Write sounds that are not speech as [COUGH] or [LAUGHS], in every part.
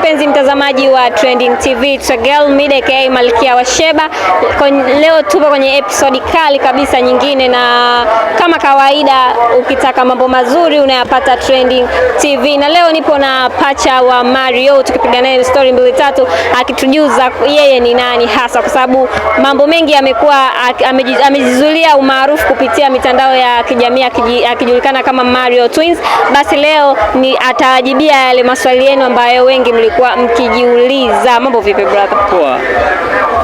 mpenzi mtazamaji wa Trending TV, it's your girl Mideke Malkia wa Sheba. Leo tupo kwenye episodi kali kabisa nyingine, na kama kawaida, ukitaka mambo mazuri unayapata Trending TV, na leo nipo na pacha wa Mario, tukipiga naye story mbili tatu, akitujuza yeye ni nani hasa, kwa sababu mambo mengi amekuwa amejizulia umaarufu kupitia mitandao ya kijamii akijulikana kama Mario Twins. Basi leo ni atawajibia yale maswali yenu ambayo wengi mli mlikuwa mkijiuliza mambo vipi brother? Poa.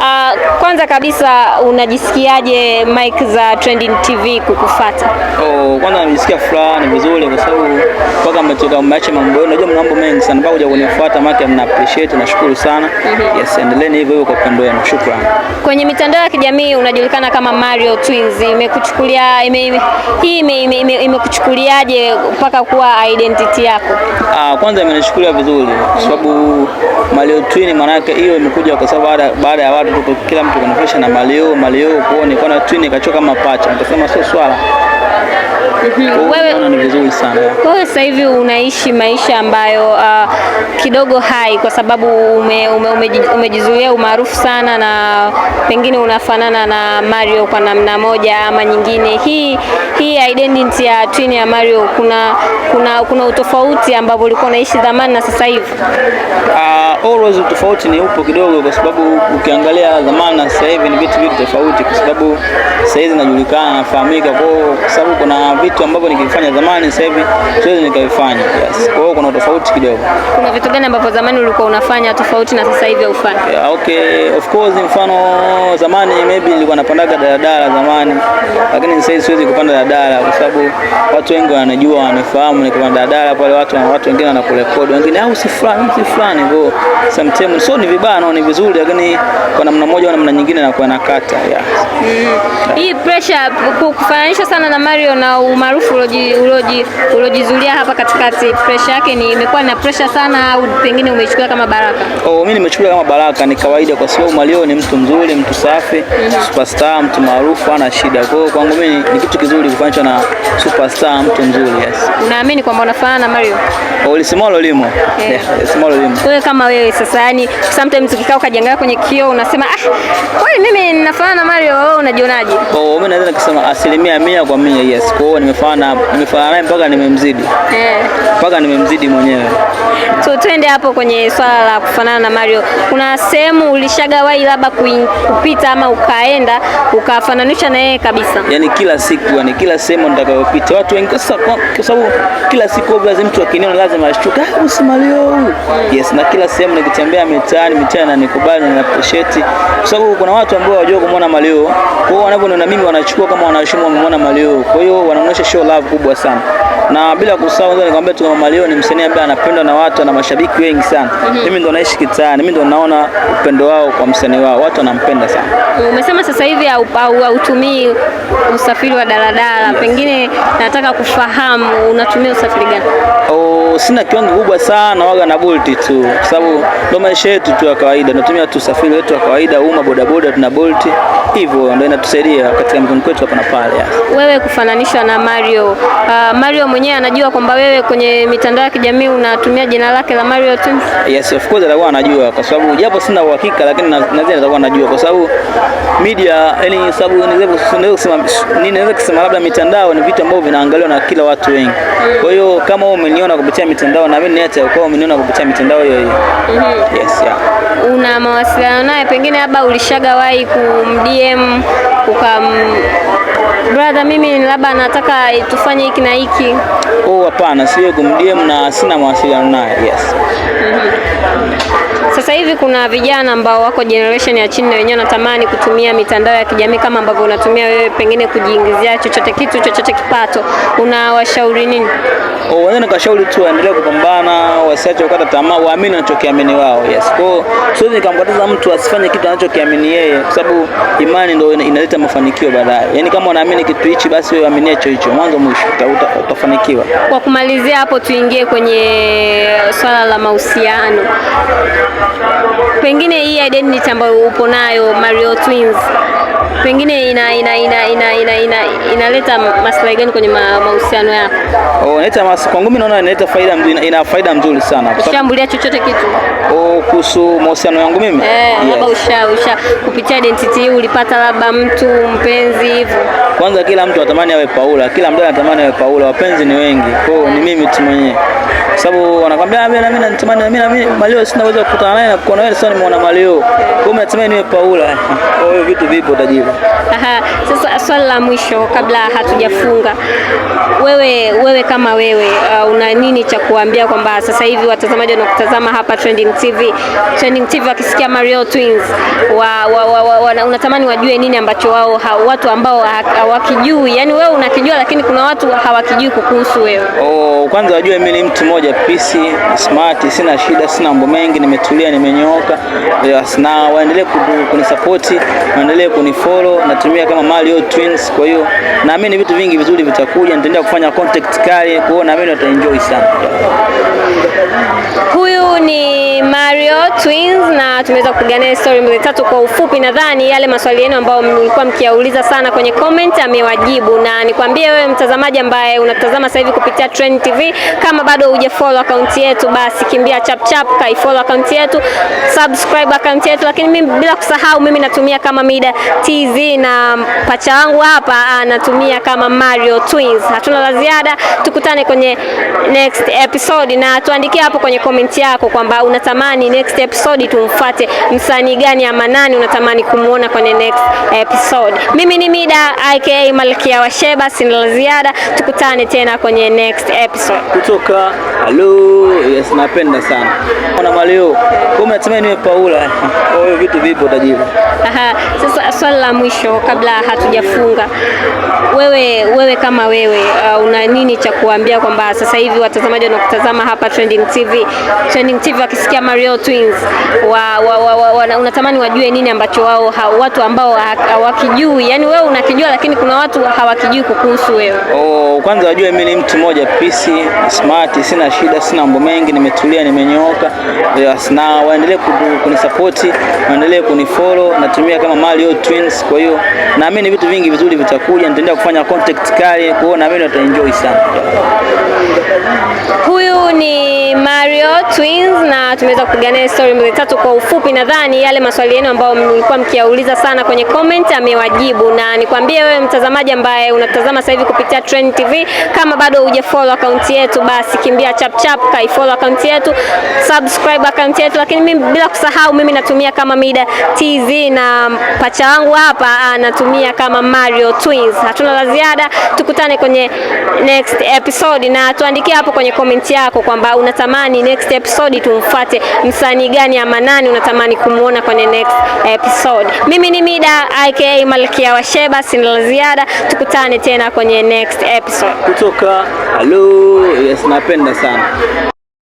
Ah, kwanza kabisa unajisikiaje mic za Trending TV kukufata? Oh, kwanza najisikia furaha, ni vizuri kwa sababu mpaka mmetoka mmeacha mambo yenu, najua mna mambo mengi sana mpaka kuja kunifuata, maana mna appreciate, nashukuru sana. mm -hmm. Yes, endeleeni hivyo hivyo kwa upendo wenu, shukrani. Kwenye mitandao ya kijamii unajulikana kama Mario Twins, imekuchukulia ime, ime, hii ime, ime, ime mpaka kuwa identity yako? Ah, kwanza imenichukulia vizuri kwa sababu Mario Twin maana yake hiyo imekuja kwa sababu baada ya watu kila mtu kunafresha na malio malio kuone, kwa na twini kachoka mapacha, mtasema sio swala wewe, wewe sasa hivi unaishi maisha ambayo uh, kidogo hai kwa sababu ume, ume, ume, umejizuia umaarufu sana na pengine unafanana na Mario kwa namna moja ama nyingine. Hii hii identity ya twin ya Mario, kuna kuna kuna utofauti ambapo ulikuwa unaishi zamani na sasa hivi? Uh, always utofauti ni upo kidogo, kwa sababu ukiangalia zamani na sasa hivi ni vitu vitu tofauti, kwa sababu sasa hivi najulikana, nafahamika kwa sababu kuna vitu vitu ambavyo nikifanya zamani sasa hivi siwezi nikavifanya. Yes. Kwa hiyo kuna tofauti kidogo. Kuna vitu gani ambavyo zamani ulikuwa unafanya tofauti na sasa hivi ufanye? Yeah, okay. Of course mfano zamani maybe nilikuwa napandaga daladala zamani, lakini sasa hivi siwezi kupanda daladala kwa sababu watu wengi wanajua, wanafahamu nikipanda daladala pale watu na watu wengine wanakurekodi, wengine au si fulani si fulani, hivyo. sometimes so ni vibaya na ni vizuri, lakini kwa namna moja au namna nyingine na kwa nakata. Yeah. Mm. Mm-hmm. Yeah. Hii pressure kufananisha sana na Mario na u umaarufu uliojizulia hapa katikati, pressure yake ni imekuwa na pressure sana au pengine umechukua kama baraka? Oh, mimi nimechukua kama baraka, ni kawaida kwa sababu Mario ni mtu mzuri, mtu safi, mm -hmm. superstar, mtu maarufu, ana shida. Kwa hiyo kwangu mimi ni kitu kizuri kufanywa na superstar, mtu mzuri. Yes. Unaamini kwamba unafanana na Mario? Oh, lisimolo limo. Okay. Eh. [LAUGHS] Yeah, simolo limo. Wewe kama wewe sasa, yani sometimes ukikaa ukajiangalia kwenye kioo unasema ah, kwani mimi ninafanana na Mario, wewe oh, unajionaje? Oh, mimi naweza nikasema asilimia mia kwa mia, yes. Kwa hiyo nimefanana nimefanana naye mpaka nimemzidi eh. mpaka nimemzidi mwenyewe. So twende hapo kwenye swala la kufanana na Mario, kuna sehemu ulishagawahi labda kupita ama ukaenda ukafananisha na yeye kabisa? Yani kila siku, yani kila sehemu nitakayopita watu wengi, kwa sababu kila siku lazima mtu akiniona lazima ashtuke, ah, usimalio huyu. Yes, na kila sehemu nikitembea mitaani mitaani na nikubali na appreciate, kwa sababu kuna watu ambao hawajua kumwona Mario, kwa hiyo wanaponiona mimi wanachukua kama wanashumu wameona Mario, kwa hiyo wanaona inaonyesha show love kubwa sana na bila kusahau nikamwambia tu Mama Leo ni msanii ambaye anapendwa na watu na mashabiki wengi sana. Mhm. Mimi mm -hmm. ndo naishi kitaani, mimi ndo naona upendo wao kwa msanii wao, watu wanampenda sana. Umesema sasa hivi hautumii usafiri wa daladala, yes. Pengine nataka kufahamu unatumia usafiri gani? Oh, sina kiwango kubwa sana, waga na Bolt tu, kwa sababu ndo maisha yetu tu ya kawaida, natumia tu usafiri wetu wa kawaida, uma bodaboda, tuna Bolt, hivyo ndo inatusaidia katika mzunguko wetu hapa na pale. Wewe kufananishwa na Mario. Uh, Mario mwenyewe anajua kwamba wewe kwenye mitandao ya kijamii unatumia jina lake la Mario Twins? Yes, of course atakuwa anajua kwa sababu japo sina uhakika lakini nadhani atakuwa anajua kwa sababu media, yani sababu naweza kusema labda mitandao ni vitu ambavyo vinaangaliwa na kila watu wengi. Kwa hiyo kama wewe umeniona kupitia mitandao na mimi hata kwa umeniona kupitia mitandao hiyo hiyo. Mm -hmm. Yes, yeah. Una mawasiliano naye pengine labda ulishagawahi kumdm ukam brother, mimi labda nataka tufanye hiki na hiki Oh, hapana, siwe kumdm na sina mawasiliano naye. Yes. Mm-hmm. Sasa hivi kuna vijana ambao wako generation ya chini na wenyewe wanatamani kutumia mitandao ya kijamii kama ambavyo unatumia wewe, pengine kujiingizia chochote kitu chochote kipato, unawashauri nini? Oh, wengine nikashauri tu waendelee kupambana, wasiache kukata tamaa, waamini wanachokiamini wao. Yes. Kwa hiyo siwezi nikamkataza mtu asifanye kitu anachokiamini yeye, kwa sababu imani ndio inaleta mafanikio baadaye. Yaani kama wanaamini kitu hichi, basi wewe uamini hicho hicho mwanzo mwisho utafanikiwa kufanikiwa. Kwa kumalizia hapo, tuingie kwenye swala la mahusiano, pengine hii identity ambayo upo nayo Mario Twins pengine ina ina ina ina ina ina inaleta maslahi gani kwenye mahusiano yako? Oh, inaleta maslahi kwangu mimi naona inaleta faida ina, ina faida nzuri sana. Ushambulia chochote kitu? Oh, kuhusu mahusiano yangu mimi? Eh, labda Usha usha kupitia identity hii ulipata labda mtu mpenzi hivyo? Kwanza kila mtu anatamani awe Paula, kila mtu anatamani awe Paula, wapenzi ni wengi. Kwa hiyo ni mimi tu mwenyewe sababu wanakwambia mimi na mimi natamani na mimi Mario sina uwezo kukutana naye na kuona wewe sio nimeona Mario. Kwa hiyo natamani niwe Paula. [LAUGHS] Kwa hiyo vitu vipo tajibu. Aha, sasa swali la mwisho kabla hatujafunga. Wewe wewe kama wewe uh, una nini cha kuambia kwamba sasa hivi watazamaji wanakutazama hapa Trending TV. Trending TV wakisikia Mario Twins wa, wa, wa, wa, wa, unatamani wajue nini ambacho wao watu ambao hawakijui. Yaani wewe unakijua lakini kuna watu hawakijui kukuhusu wewe. Oh, kwanza wajue mimi ni mtu moja pisi smart, sina shida, sina mambo mengi, nimetulia, nimenyooka. Na waendelee kunisapoti waendelee kunifollow, natumia kama Mario Twins. Kwa hiyo naamini vitu vingi vizuri vitakuja, nitaendelea kufanya content kali, kwa hiyo naamini wataenjoy sana. Huyo ni Mario Twins na tumeweza kupigania story mbili tatu kwa ufupi. Nadhani yale maswali yenu ambayo mlikuwa mkiauliza sana kwenye comment amewajibu, na nikwambie wewe mtazamaji ambaye unatazama sasa hivi kupitia Trend TV, kama bado hujafollow akaunti yetu, basi kimbia chap chap follow account yetu, subscribe akaunti yetu. Lakini mimi bila kusahau, mimi natumia kama Mida TV na pacha wangu hapa ah, anatumia kama Mario Twins. Hatuna la ziada, tukutane kwenye next episode na tuandikie hapo kwenye comment yako yako kwamba unatamani next episode tumfuate msanii gani ama nani unatamani kumwona kwenye next episode. Mimi ni Mida aka Malkia wa Sheba, sina la ziada, tukutane tena kwenye next episode. Kutoka Hello, yes, napenda sana na maleo natamani niwe Paula. Hiyo [LAUGHS] vitu vipo tajiri. Aha, sasa swali la mwisho kabla hatujafunga, wewe wewe kama wewe uh, una nini cha kuambia kwamba sasa hivi watazamaji wanakutazama hapa Trending TV Trending TV wakisikia Mario Twins wa, wa, wa, wa, wa, unatamani wajue nini ambacho wao ha, watu ambao hawakijui. Yani wewe unakijua, lakini kuna watu hawakijui kukuhusu wewe. Oh, kwanza wajue mimi ni mtu mmoja PC smart, sina shida, sina mambo mengi, nimetulia, nimenyooka. Na waendelee kunisupport, waendelee kunifollow, natumia kama Mario Twins. Kwa hiyo naamini vitu vingi vizuri vitakuja, nitaendelea kufanya contact kali, kwa hiyo naamini wataenjoy sana. twins na tumeweza tumeweza kupigania story mbili tatu kwa ufupi. Nadhani yale maswali yenu ambayo mlikuwa mkiauliza sana kwenye comment amewajibu, na nikwambie wewe mtazamaji ambaye unatazama sasa hivi kupitia Trend TV, kama bado hujafollow account yetu, basi kimbia chap chap follow account yetu, subscribe account yetu. Lakini mimi bila kusahau, mimi natumia kama Mida TV na pacha wangu hapa anatumia ah, kama Mario Twins. Hatuna la ziada, tukutane kwenye next episode, na tuandikie hapo kwenye comment yako kwamba unatamani next episode tumfuate tupate msanii gani ama nani unatamani kumuona kwenye next episode. Mimi ni Mida aka Malkia wa Sheba, sina la ziada, tukutane tena kwenye next episode kutoka. Halo, yes, napenda sana.